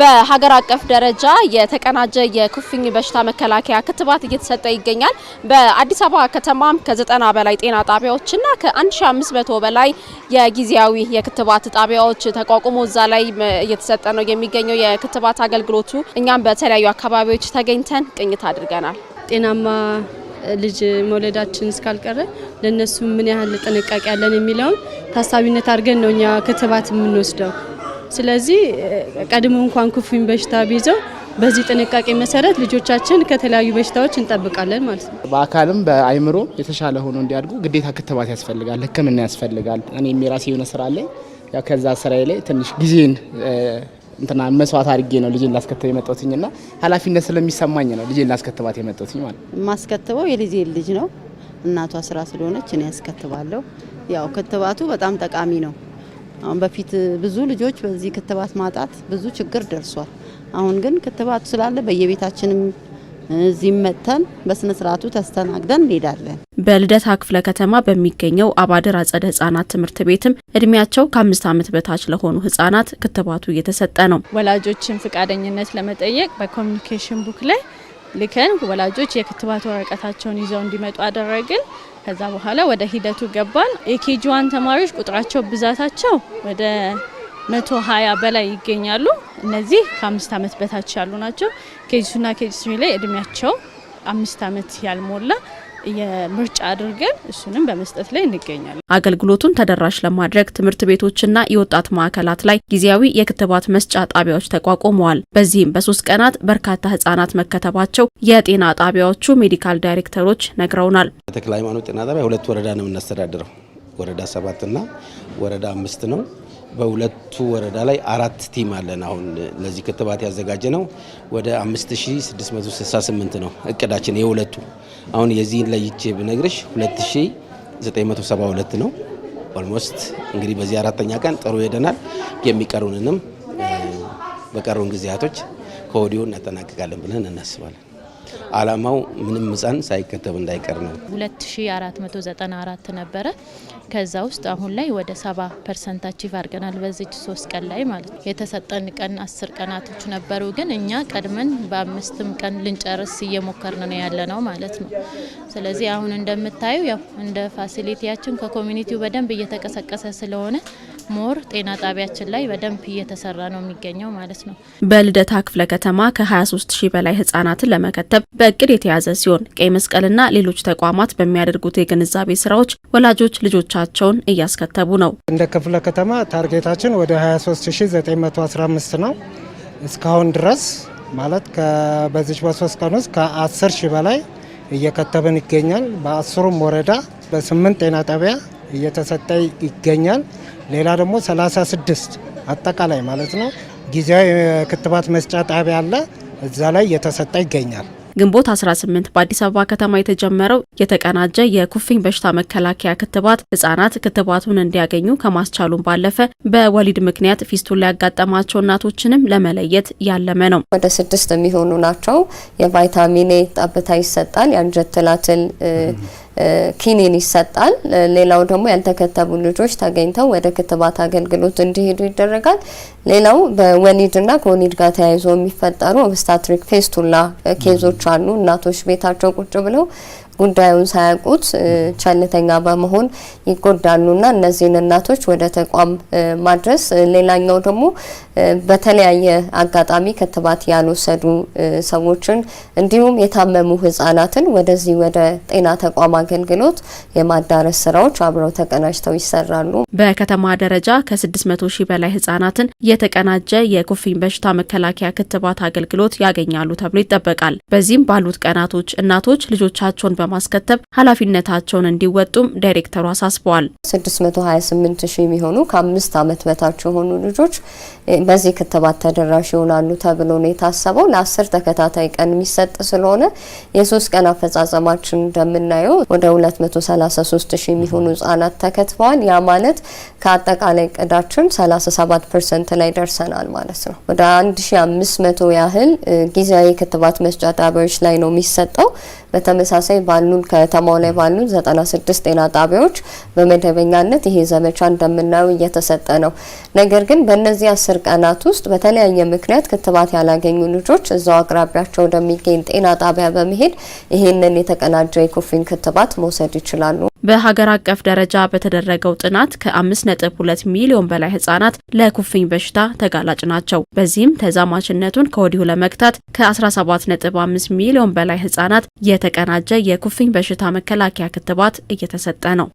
በሀገር አቀፍ ደረጃ የተቀናጀ የኩፍኝ በሽታ መከላከያ ክትባት እየተሰጠ ይገኛል። በአዲስ አበባ ከተማም ከ90 በላይ ጤና ጣቢያዎችና ከ1500 በላይ የጊዜያዊ የክትባት ጣቢያዎች ተቋቁሞ እዛ ላይ እየተሰጠ ነው የሚገኘው የክትባት አገልግሎቱ። እኛም በተለያዩ አካባቢዎች ተገኝተን ቅኝት አድርገናል። ጤናማ ልጅ መውለዳችን እስካልቀረ ለእነሱ ምን ያህል ጥንቃቄ ያለን የሚለውን ታሳቢነት አድርገን ነው እኛ ክትባት የምንወስደው። ስለዚህ ቀድሞ እንኳን ኩፍኝ በሽታ ቢይዘው በዚህ ጥንቃቄ መሰረት ልጆቻችን ከተለያዩ በሽታዎች እንጠብቃለን ማለት ነው። በአካልም በአይምሮ የተሻለ ሆኖ እንዲያድጉ ግዴታ ክትባት ያስፈልጋል፣ ሕክምና ያስፈልጋል። እኔ የራሴ የሆነ ስራ ላይ ያው ከዛ ስራዬ ላይ ትንሽ ጊዜን እንትና መስዋዕት አድርጌ ነው ልጅን ላስከትብ የመጣሁትኝ እና ኃላፊነት ስለሚሰማኝ ነው ልጅን ላስከትባት የመጣሁትኝ ማለት ነው። የማስከትበው የልጄን ልጅ ነው። እናቷ ስራ ስለሆነች እኔ ያስከትባለሁ። ያው ክትባቱ በጣም ጠቃሚ ነው። አሁን በፊት ብዙ ልጆች በዚህ ክትባት ማጣት ብዙ ችግር ደርሷል። አሁን ግን ክትባቱ ስላለ በየቤታችንም እዚህ መጥተን በስነ ስርዓቱ ተስተናግደን እንሄዳለን። በልደታ ክፍለ ከተማ በሚገኘው አባድር አጸደ ህጻናት ትምህርት ቤትም እድሜያቸው ከአምስት ዓመት በታች ለሆኑ ህጻናት ክትባቱ እየተሰጠ ነው። ወላጆችን ፍቃደኝነት ለመጠየቅ በኮሚኒኬሽን ቡክ ላይ ልከን ወላጆች የክትባት ወረቀታቸውን ይዘው እንዲመጡ አደረግን። ከዛ በኋላ ወደ ሂደቱ ገባን። የኬጂ ዋን ተማሪዎች ቁጥራቸው ብዛታቸው ወደ መቶ ሀያ በላይ ይገኛሉ። እነዚህ ከአምስት ዓመት በታች ያሉ ናቸው። ኬጂ ቱና ኬጂ ስሪ ላይ እድሜያቸው አምስት ዓመት ያልሞላ የምርጫ አድርገን እሱንም በመስጠት ላይ እንገኛለን። አገልግሎቱን ተደራሽ ለማድረግ ትምህርት ቤቶችና የወጣት ማዕከላት ላይ ጊዜያዊ የክትባት መስጫ ጣቢያዎች ተቋቁመዋል። በዚህም በሶስት ቀናት በርካታ ህጻናት መከተባቸው የጤና ጣቢያዎቹ ሜዲካል ዳይሬክተሮች ነግረውናል። ተክለ ሃይማኖት ጤና ጣቢያ ሁለት ወረዳ ነው የምናስተዳድረው። ወረዳ ሰባትና ወረዳ አምስት ነው። በሁለቱ ወረዳ ላይ አራት ቲም አለን። አሁን ለዚህ ክትባት ያዘጋጀ ነው ወደ 5668 ነው እቅዳችን። የሁለቱ አሁን የዚህን ለይቼ ብነግርሽ 2972 ነው። ኦልሞስት እንግዲህ በዚህ አራተኛ ቀን ጥሩ ሄደናል። የሚቀሩንንም በቀሩን ጊዜያቶች ከወዲሁ እናጠናቅቃለን ብለን እናስባለን። አላማው ምንም ሕፃን ሳይከተብ እንዳይቀር ነው። 2494 ነበረ። ከዛ ውስጥ አሁን ላይ ወደ 70 ፐርሰንት አቺቭ አድርገናል። በዚች ሶስት ቀን ላይ ማለት ነው። የተሰጠን ቀን አስር ቀናቶች ነበሩ፣ ግን እኛ ቀድመን በአምስትም ቀን ልንጨርስ እየሞከርን ነው ያለ ነው ማለት ነው። ስለዚህ አሁን እንደምታዩ ያው እንደ ፋሲሊቲያችን ከኮሚኒቲው በደንብ እየተቀሰቀሰ ስለሆነ ሞር ጤና ጣቢያችን ላይ በደንብ እየተሰራ ነው የሚገኘው ማለት ነው። በልደታ ክፍለ ከተማ ከ23 ሺህ በላይ ህጻናትን ለመከተብ በእቅድ የተያዘ ሲሆን ቀይ መስቀልና ሌሎች ተቋማት በሚያደርጉት የግንዛቤ ስራዎች ወላጆች ልጆቻቸውን እያስከተቡ ነው። እንደ ክፍለ ከተማ ታርጌታችን ወደ 23915 ነው። እስካሁን ድረስ ማለት በዚች በሶስት ቀን ውስጥ ከ10 ሺህ በላይ እየከተብን ይገኛል። በአስሩም ወረዳ በስምንት ጤና ጣቢያ እየተሰጠ ይገኛል። ሌላ ደግሞ 36 አጠቃላይ ማለት ነው ጊዜያዊ የክትባት መስጫ ጣቢያ አለ፣ እዛ ላይ እየተሰጠ ይገኛል። ግንቦት 18 በአዲስ አበባ ከተማ የተጀመረው የተቀናጀ የኩፍኝ በሽታ መከላከያ ክትባት ህጻናት ክትባቱን እንዲያገኙ ከማስቻሉን ባለፈ በወሊድ ምክንያት ፊስቱላ ያጋጠማቸው እናቶችንም ለመለየት ያለመ ነው። ወደ ስድስት የሚሆኑ ናቸው። የቫይታሚን ጠብታ ይሰጣል። የአንጀት ትላትል ኪኒን ይሰጣል። ሌላው ደግሞ ያልተከተቡ ልጆች ተገኝተው ወደ ክትባት አገልግሎት እንዲሄዱ ይደረጋል። ሌላው በወሊድና ከወሊድ ጋር ተያይዞ የሚፈጠሩ ኦብስታትሪክ ፌስቱላ ኬዞች አሉ። እናቶች ቤታቸው ቁጭ ብለው ጉዳዩን ሳያውቁት ቸልተኛ በመሆን ይጎዳሉና እነዚህን እናቶች ወደ ተቋም ማድረስ። ሌላኛው ደግሞ በተለያየ አጋጣሚ ክትባት ያልወሰዱ ሰዎችን እንዲሁም የታመሙ ህጻናትን ወደዚህ ወደ ጤና ተቋም አገልግሎት የማዳረስ ስራዎች አብረው ተቀናጅተው ይሰራሉ። በከተማ ደረጃ ከ600 ሺህ በላይ ህጻናትን የተቀናጀ የኩፍኝ በሽታ መከላከያ ክትባት አገልግሎት ያገኛሉ ተብሎ ይጠበቃል። በዚህም ባሉት ቀናቶች እናቶች ልጆቻቸውን በማ በማስከተብ ኃላፊነታቸውን እንዲወጡም ዳይሬክተሩ አሳስበዋል። 628 ሺህ የሚሆኑ ከአምስት ዓመት በታች የሆኑ ልጆች በዚህ ክትባት ተደራሽ ይሆናሉ ተብሎ ነው የታሰበው። ለአስር ተከታታይ ቀን የሚሰጥ ስለሆነ የሶስት ቀን አፈጻጸማችን እንደምናየው ወደ 233 ሺህ የሚሆኑ ህጻናት ተከትበዋል። ያ ማለት ከአጠቃላይ እቅዳችን 37 ፐርሰንት ላይ ደርሰናል ማለት ነው። ወደ 1500 ያህል ጊዜያዊ ክትባት መስጫ ጣቢያዎች ላይ ነው የሚሰጠው። በተመሳሳይ ባሉን ከተማው ላይ ባሉን 96 ጤና ጣቢያዎች በመደበኛነት ይሄ ዘመቻ እንደምናየው እየተሰጠ ነው። ነገር ግን በእነዚህ አስር ቀናት ውስጥ በተለያየ ምክንያት ክትባት ያላገኙ ልጆች እዛው አቅራቢያቸው ወደሚገኝ ጤና ጣቢያ በመሄድ ይሄንን የተቀናጀ የኩፍኝ ክትባት መውሰድ ይችላሉ። በሀገር አቀፍ ደረጃ በተደረገው ጥናት ከ5.2 ሚሊዮን በላይ ህጻናት ለኩፍኝ በሽታ ተጋላጭ ናቸው። በዚህም ተዛማችነቱን ከወዲሁ ለመግታት ከ17.5 ሚሊዮን በላይ ህጻናት የተቀናጀ የኩፍኝ በሽታ መከላከያ ክትባት እየተሰጠ ነው።